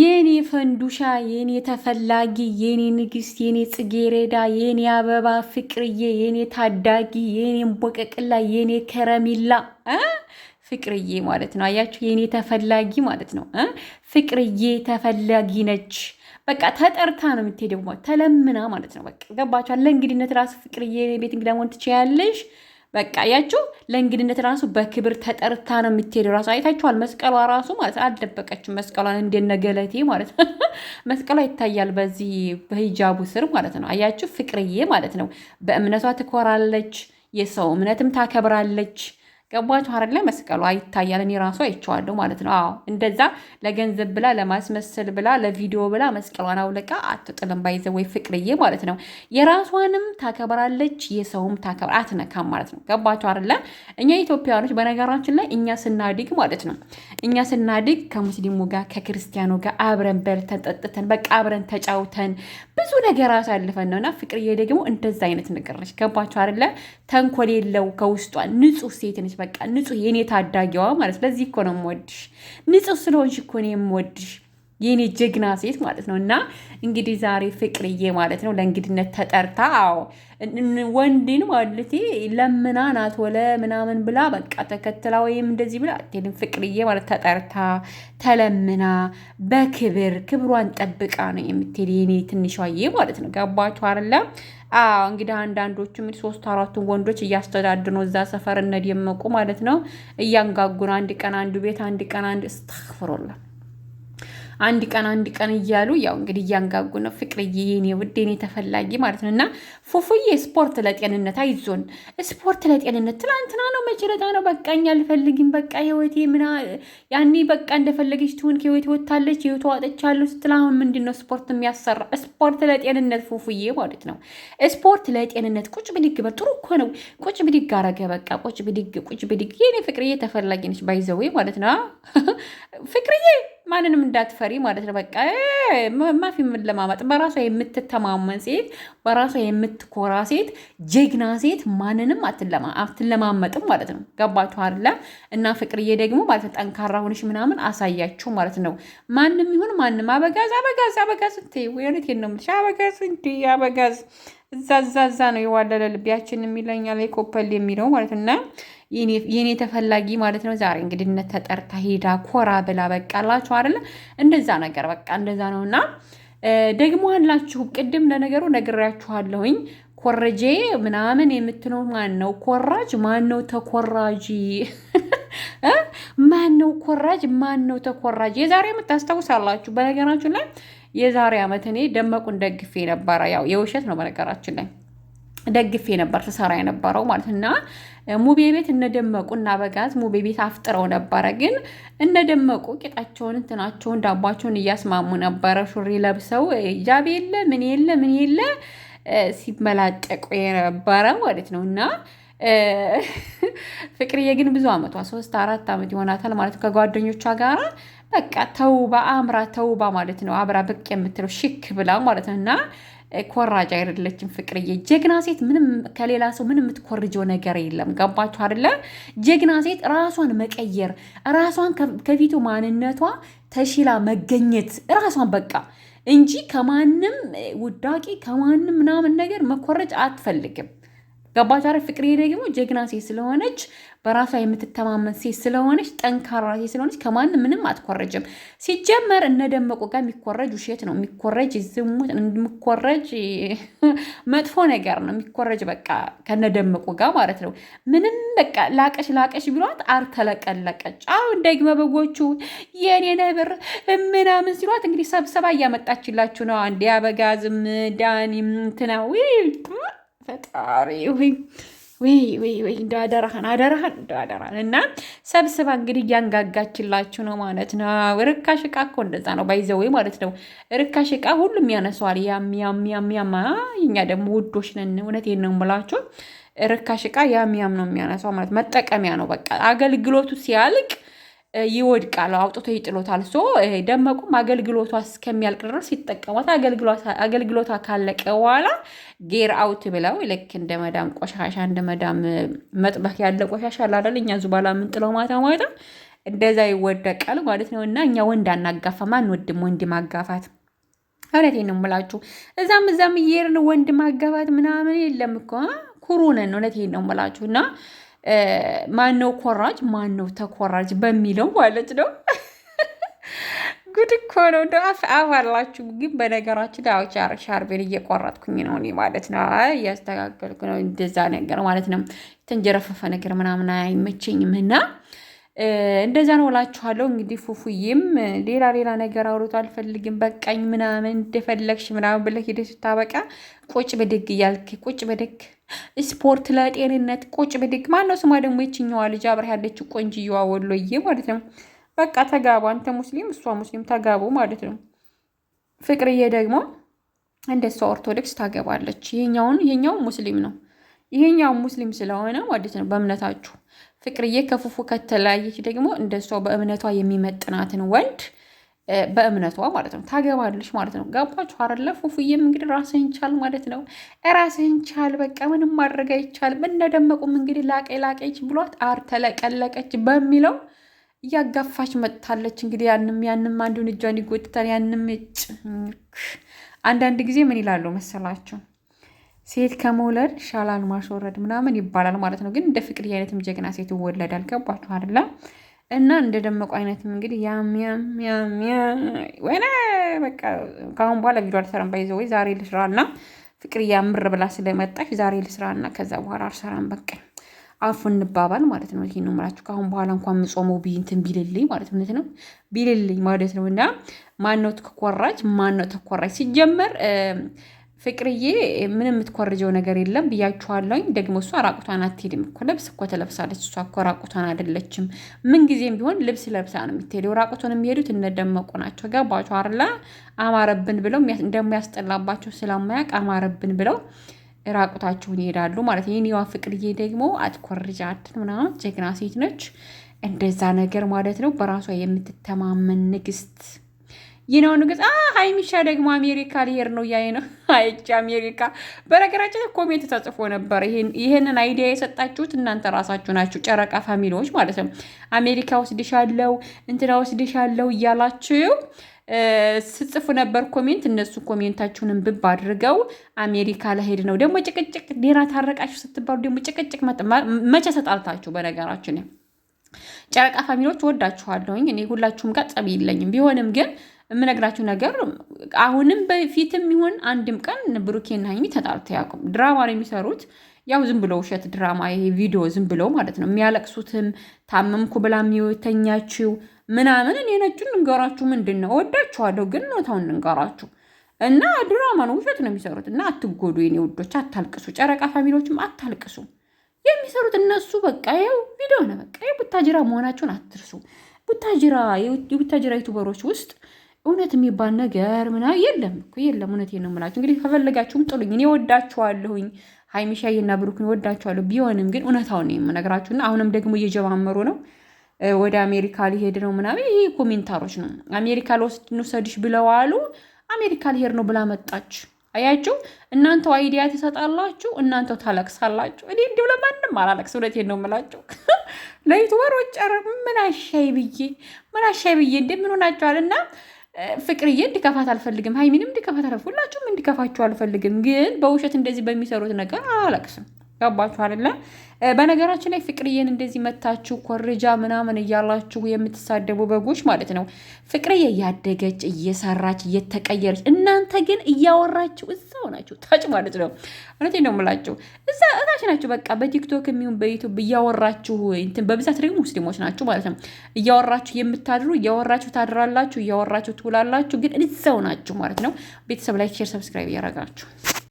የኔ ፈንዱሻ የኔ ተፈላጊ የኔ ንግስት የኔ ጽጌሬዳ የኔ አበባ ፍቅርዬ የኔ ታዳጊ የኔ እምቦቀቅላ የኔ ከረሚላ ፍቅርዬ ማለት ነው። አያችሁ የኔ ተፈላጊ ማለት ነው። ፍቅርዬ ተፈላጊ ነች። በቃ ተጠርታ ነው የምትሄደው፣ ተለምና ማለት ነው። በቃ ገባችኋል? ለእንግድነት ራሱ ፍቅርዬ ቤት እንግዳ መሆን ትችያለሽ። በቃ ያችሁ ለእንግድነት ራሱ በክብር ተጠርታ ነው የምትሄደው። ራሱ አይታችኋል። መስቀሏ ራሱ ማለት አልደበቀችም። መስቀሏን እንደነገለቴ ማለት ነው። መስቀሏ ይታያል በዚህ በሂጃቡ ስር ማለት ነው። አያችሁ፣ ፍቅርዬ ማለት ነው። በእምነቷ ትኮራለች፣ የሰው እምነትም ታከብራለች። ገባችሁ አይደለ? መስቀሉ ይታያል። እኔ ራሱ አይቼዋለሁ ማለት ነው። አዎ እንደዛ ለገንዘብ ብላ ለማስመሰል ብላ ለቪዲዮ ብላ መስቀሏን አውለቃ አትጥልም። ባይዘ ወይ ፍቅርዬ ማለት ነው። የራሷንም ታከብራለች፣ የሰውም ታከብር አትነካም ማለት ነው። ገባችሁ አይደለ? እኛ ኢትዮጵያውያኖች በነገራችን ላይ እኛ ስናድግ ማለት ነው እኛ ስናድግ ከሙስሊሙ ጋር ከክርስቲያኑ ጋር አብረን በልተን ጠጥተን በቃ አብረን ተጫውተን ብዙ ነገር አሳልፈን ነውና ፍቅርዬ ደግሞ እንደዛ አይነት ነገር ነች። ገባችሁ አይደለ? ተንኮል የለው ከውስጧ ንጹህ ሴት ነች። በቃ ንጹህ የኔ ታዳጊዋ ማለት ስለዚህ እኮ ነው የምወድሽ። ንጹህ ስለሆንሽ እኮ ነው የምወድሽ። የኔ ጀግና ሴት ማለት ነው። እና እንግዲህ ዛሬ ፍቅርዬ ማለት ነው ለእንግድነት ተጠርታ አዎ ወንድን ማለት ለምና ናት ወለ ምናምን ብላ በቃ ተከትላ ወይም እንደዚህ ብላ አትሄድም። ፍቅርዬ ማለት ተጠርታ ተለምና በክብር ክብሯን ጠብቃ ነው የምትሄድ የኔ ትንሿዬ ማለት ነው። ገባችሁ አይደለ? አዎ እንግዲህ አንዳንዶቹ እንግዲህ ሶስት አራቱን ወንዶች እያስተዳድር ነው እዛ ሰፈር እነ ደመቁ ማለት ነው እያንጋጉን አንድ ቀን አንዱ ቤት አንድ ቀን አንድ እስተፍሮላ አንድ ቀን አንድ ቀን እያሉ ያው እንግዲህ እያንጋጉ ነው። ፍቅርዬ የኔ ውድ የኔ ተፈላጊ ማለት ነው። እና ፉፉዬ ስፖርት ለጤንነት አይዞን፣ ስፖርት ለጤንነት ትላንትና ነው መችለታ ነው። በቃኝ አልፈልግም፣ በቃ ህይወቴ ምና ያኔ በቃ እንደፈለገች ትሁን፣ ከህይወቴ ወታለች፣ ህይወቱ አጠቻለሁ ስትል አሁን ምንድን ነው ስፖርት የሚያሰራ? ስፖርት ለጤንነት ፉፉዬ ማለት ነው። ስፖርት ለጤንነት ቁጭ ብድግ በል። ጥሩ እኮ ነው። ቁጭ ብድግ አረገ በቃ ቁጭ ብድግ ቁጭ ብድግ። የኔ ፍቅርዬ ተፈላጊ ነች ባይዘዌ ማለት ነው ፍቅርዬ ማንንም እንዳትፈሪ ማለት ነው። በቃ ማፊ የምንለማመጥ በራሷ የምትተማመን ሴት፣ በራሷ የምትኮራ ሴት፣ ጀግና ሴት ማንንም አትለማመጥም ማለት ነው። ገባችሁ አለ እና ፍቅርዬ ደግሞ ማለት ነው ጠንካራ ሆነሽ ምናምን አሳያችሁ ማለት ነው። ማንም ይሁን ማንም አበጋዝ አበጋዝ አበጋዝ ነው የምልሽ አበጋዝ እንዴ! አበጋዝ እዛ ነው የዋለለ ልቢያችን የሚለኛል የኮፐል የሚለው ማለት እና የኔ ተፈላጊ ማለት ነው። ዛሬ እንግድነት ተጠርታ ሄዳ ኮራ ብላ በቃ አላችሁ አይደለ? እንደዛ ነገር በቃ እንደዛ ነው እና ደግሞ አላችሁ ቅድም ለነገሩ ነግሬያችኋለሁኝ። ኮረጄ ምናምን የምትለው ማን ነው? ኮራጅ ማን ነው? ተኮራጂ ማን ነው? ኮራጅ ማን ነው? ተኮራጅ የዛሬ የምታስታውሳላችሁ በነገራችሁ ላይ የዛሬ ዓመት እኔ ደመቁን ደግፌ ነበረ። ያው የውሸት ነው በነገራችን ላይ ደግፌ ነበር ተሰራ የነበረው ማለት እና ሙቤ ቤት እነደመቁ እና በጋዝ ሙቤ ቤት አፍጥረው ነበረ። ግን እነደመቁ ቂጣቸውን እንትናቸውን ዳቧቸውን እያስማሙ ነበረ። ሹሪ ለብሰው ጃብ የለ ምን የለ ምን የለ ሲመላጨቁ የነበረ ማለት ነው እና ፍቅርዬ ግን ብዙ አመቷ ሶስት አራት አመት ይሆናታል ማለት ከጓደኞቿ ጋራ በቃ ተውባ አምራ ተውባ ማለት ነው። አብራ ብቅ የምትለው ሽክ ብላ ማለት ነው። እና ኮራጅ አይደለችም ፍቅርዬ። ጀግና ሴት ምንም ከሌላ ሰው ምንም የምትኮርጀው ነገር የለም። ገባችሁ አይደለ? ጀግና ሴት ራሷን መቀየር፣ ራሷን ከፊቱ ማንነቷ ተሽላ መገኘት ራሷን በቃ እንጂ ከማንም ውዳቂ ከማንም ምናምን ነገር መኮረጅ አትፈልግም። ገባች አይደል? ፍቅርዬ ደግሞ ጀግና ሴት ስለሆነች በራሷ የምትተማመን ሴት ስለሆነች ጠንካራ ሴት ስለሆነች ከማንም ምንም አትኮረጅም። ሲጀመር እነ ደመቁ ጋር የሚኮረጅ ውሸት ነው የሚኮረጅ ዝሙት የሚኮረጅ መጥፎ ነገር ነው የሚኮረጅ። በቃ ከነ ደመቁ ጋር ማለት ነው። ምንም በቃ ላቀሽ ላቀሽ ቢሏት አርተለቀለቀች። አሁን ደግመ በጎቹ የኔ ነብር ምናምን ሲሏት እንግዲህ ሰብሰባ እያመጣችላችሁ ነው። አንዴ አበጋዝም ዳኒም ትናዊ ፈጣሪ ወይ ወይ ወይ ወይ እንደ አደራህን አደራህን እንደ አደራህን እና ሰብስባ እንግዲህ እያንጋጋችላችሁ ነው ማለት ነው። ርካሽ እቃ እኮ እንደዛ ነው ባይዘ ወይ ማለት ነው። ርካሽ እቃ ሁሉም ያነሰዋል። ያም ያም ያም ያም እኛ ደግሞ ውዶች ነን። እውነቴን ነው የምላችሁ። ርካሽ እቃ ያም ያም ነው የሚያነሷ ማለት መጠቀሚያ ነው። በቃ አገልግሎቱ ሲያልቅ ይወድቃል፣ አውጥቶ ይጥሎታል። ሶ ደመቁም አገልግሎቷ እስከሚያልቅ ድረስ ይጠቀሟት። አገልግሎቷ ካለቀ በኋላ ጌር አውት ብለው ልክ እንደ መዳም ቆሻሻ እንደ መዳም መጥበክ ያለ ቆሻሻ ላላል እኛ ዙባላ የምንጥለው ማታ ማታ እንደዛ ይወደቃል ማለት ነው። እና እኛ ወንድ አናጋፋም፣ አንወድም ወንድ ማጋፋት። እውነቴን ነው የምላችሁ። እዛም እዛም እየሄድን ወንድ ማጋፋት ምናምን የለም እኮ ኩሩነን። እውነቴን ነው የምላችሁ እና ማነው ኮራጅ ማነው ተኮራጅ በሚለው ማለት ነው። ጉድ እኮ ነው እንደ አፋላችሁ። ግን በነገራችን ላይ ሻርቤን እየቆረጥኩኝ ነው እኔ ማለት ነው፣ እያስተካከልኩ ነው። እንደዛ ነገር ማለት ነው። የተንጀረፈፈ ነገር ምናምን አይመቸኝም እና እንደዛ ነው እላችኋለሁ። እንግዲህ ፉፉዬም ሌላ ሌላ ነገር አውርቶ አልፈልግም በቃኝ ምናምን እንደፈለግሽ ምናምን ብለህ ሄደህ ስታበቃ ቁጭ ብድግ እያልክ ቁጭ ብድግ ስፖርት ለጤንነት ቁጭ ብድግ። ማነው ስማ ደግሞ የችኛዋ ልጅ አብረህ ያለችው ቆንጅየዋ ወሎዬ ማለት ነው። በቃ ተጋቡ፣ አንተ ሙስሊም እሷ ሙስሊም ተጋቡ ማለት ነው። ፍቅርዬ ደግሞ እንደ እሷ ኦርቶዶክስ ታገባለች። ይሄኛውን ይሄኛው ሙስሊም ነው። ይሄኛው ሙስሊም ስለሆነ ማለት ነው በእምነታችሁ ፍቅርዬ ከፉፉ ከተለያየች ደግሞ እንደሷ በእምነቷ የሚመጥናትን ወንድ በእምነቷ ማለት ነው ታገባለች ማለት ነው። ገባችሁ አይደለ? ፉፉዬም እንግዲህ ራስህን ቻል ማለት ነው። ራስህን ቻል በቃ ምንም ማድረግ አይቻልም። እንደደመቁም እንግዲህ ላቄ ላቀች ብሏት አርተለቀለቀች በሚለው እያጋፋች መጥታለች። እንግዲህ ያንም ያንም አንዱን እጇን ይጎጥታል። ያንም እጭ አንዳንድ ጊዜ ምን ይላሉ መሰላቸው ሴት ከመውለድ ሻላል ማስወረድ ምናምን ይባላል ማለት ነው። ግን እንደ ፍቅርዬ አይነትም ጀግና ሴት ይወለዳል። ገባችሁ አይደለ? እና እንደ ደመቁ አይነትም እንግዲህ ያሚያሚያሚያ ወይኔ በቃ ከአሁን በኋላ ቪዲዮ አልሰራም። ባይዘ ወይ ዛሬ ልስራ ልስራና ፍቅርዬ ያምር ብላ ስለመጣች ዛሬ ልስራ ልስራና ከዛ በኋላ አልሰራም። በቃ አፉ እንባባል ማለት ነው። ይሄ ነው የምላችሁ። ከአሁን በኋላ እንኳን ምጾመው ብይንትን ቢልልኝ ማለት እውነት ነው ቢልልኝ ማለት ነው። እና ማነው ተኮራች? ማነው ተኮራች ሲጀመር ፍቅርዬ ምንም የምትኮርጀው ነገር የለም ብያችኋለሁኝ። ደግሞ እሷ ራቁቷን አትሄድም እኮ ልብስ እኮ ትለብሳለች። እሷ እኮ ራቁቷን አይደለችም። ምንጊዜም ቢሆን ልብስ ለብሳ ነው የምትሄደው። ራቁቷን የሚሄዱት እነደመቁ ናቸው። ገባችሁ አርላ አማረብን ብለው እንደሚያስጠላባቸው ስለማያውቅ አማረብን ብለው ራቁታቸውን ይሄዳሉ ማለት ነው። የኔዋ ፍቅርዬ ደግሞ አትኮርጃት ምናምን ጀግና ሴት ነች። እንደዛ ነገር ማለት ነው። በራሷ የምትተማመን ንግስት ይነውን ግጽ ሀይሚሻ ደግሞ አሜሪካ ሊሄድ ነው እያየ ነው። አይቼ አሜሪካ በነገራችን ኮሜንት ተጽፎ ነበር። ይህንን አይዲያ የሰጣችሁት እናንተ ራሳችሁ ናችሁ፣ ጨረቃ ፋሚሊዎች ማለት ነው። አሜሪካ ወስድሻለሁ፣ እንትና ወስድሻለሁ እያላችሁ ስጽፉ ነበር ኮሜንት። እነሱ ኮሜንታችሁንም ብብ አድርገው አሜሪካ ለሄድ ነው ደግሞ ጭቅጭቅ ሌላ ታረቃችሁ ስትባሉ ደግሞ ጭቅጭቅ መቼ ተጣልታችሁ በነገራችን ጨረቃ ፋሚሊዎች ወዳችኋለሁኝ። እኔ ሁላችሁም ጋር ጸብ የለኝም። ቢሆንም ግን የምነግራችሁ ነገር አሁንም በፊትም ይሁን አንድም ቀን ብሩኬና ሀይሚ ተጣልቶ ያውቁም። ድራማ ነው የሚሰሩት። ያው ዝም ብሎ ውሸት ድራማ፣ ይሄ ቪዲዮ ዝም ብሎ ማለት ነው። የሚያለቅሱትም ታመምኩ ብላ የሚወተኛችው ምናምን እኔ ነጩን እንገራችሁ ምንድን ነው ወዳችኋለሁ፣ ግን ኖታውን እንገራችሁ እና ድራማ ነው፣ ውሸት ነው የሚሰሩት። እና አትጎዱ የኔ ውዶች፣ አታልቅሱ። ጨረቃ ፋሚሊዎችም አታልቅሱ። የሚሰሩት እነሱ በቃ ይኸው ቪዲዮ ነው። በቃ የቡታጅራ መሆናችሁን አትርሱ። ቡታጅራ የቡታጅራ ዩቱበሮች ውስጥ እውነት የሚባል ነገር ምና የለም እኮ የለም። እውነቴን ነው የምላችሁ። እንግዲህ ከፈለጋችሁም ጥሉኝ፣ እኔ ወዳችኋለሁኝ። ሀይሚሻዬና ብሩክን ወዳችኋለሁ። ቢሆንም ግን እውነታውን ነው የምነግራችሁና አሁንም ደግሞ እየጀማመሩ ነው ወደ አሜሪካ ሊሄድ ነው ምናምን። ይሄ ኮሜንታሮች ነው። አሜሪካ ልወስድ እንውሰድሽ ብለዋሉ። አሜሪካ ሊሄድ ነው ብላ መጣች። አያችሁ፣ እናንተው አይዲያ ትሰጣላችሁ፣ እናንተው ታለቅሳላችሁ። እኔ እንዲሁ ለማንም አላለቅስ። እውነቴን ነው የምላችሁ። ለዩቱበሮች ጨር ምን አሻይ ብዬ ምን አሻይ ብዬ እንደምን ሆናችኋል እና ፍቅርዬ እንዲከፋት አልፈልግም፣ ሀይሚንም እንዲከፋት አልፈልግም፣ ሁላችሁም እንዲከፋችሁ አልፈልግም። ግን በውሸት እንደዚህ በሚሰሩት ነገር አላለቅስም። ገባችሁ አይደለም? በነገራችን ላይ ፍቅርዬን እንደዚህ መታችሁ ኮርጃ ምናምን እያላችሁ የምትሳደቡ በጎች ማለት ነው። ፍቅርዬ እያደገች እየሰራች እየተቀየረች፣ እናንተ ግን እያወራችሁ እዛው ናችሁ ታች ማለት ነው። እውነቴን ነው የምላችሁ እዛ እታች ናችሁ። በቃ በቲክቶክ የሚሆን በዩቱብ እያወራችሁ እንትን በብዛት ደግሞ ሙስሊሞች ናችሁ ማለት ነው። እያወራችሁ የምታድሩ እያወራችሁ ታድራላችሁ፣ እያወራችሁ ትውላላችሁ፣ ግን እዛው ናችሁ ማለት ነው። ቤተሰብ ላይ ሼር፣ ሰብስክራይብ እያረጋችሁ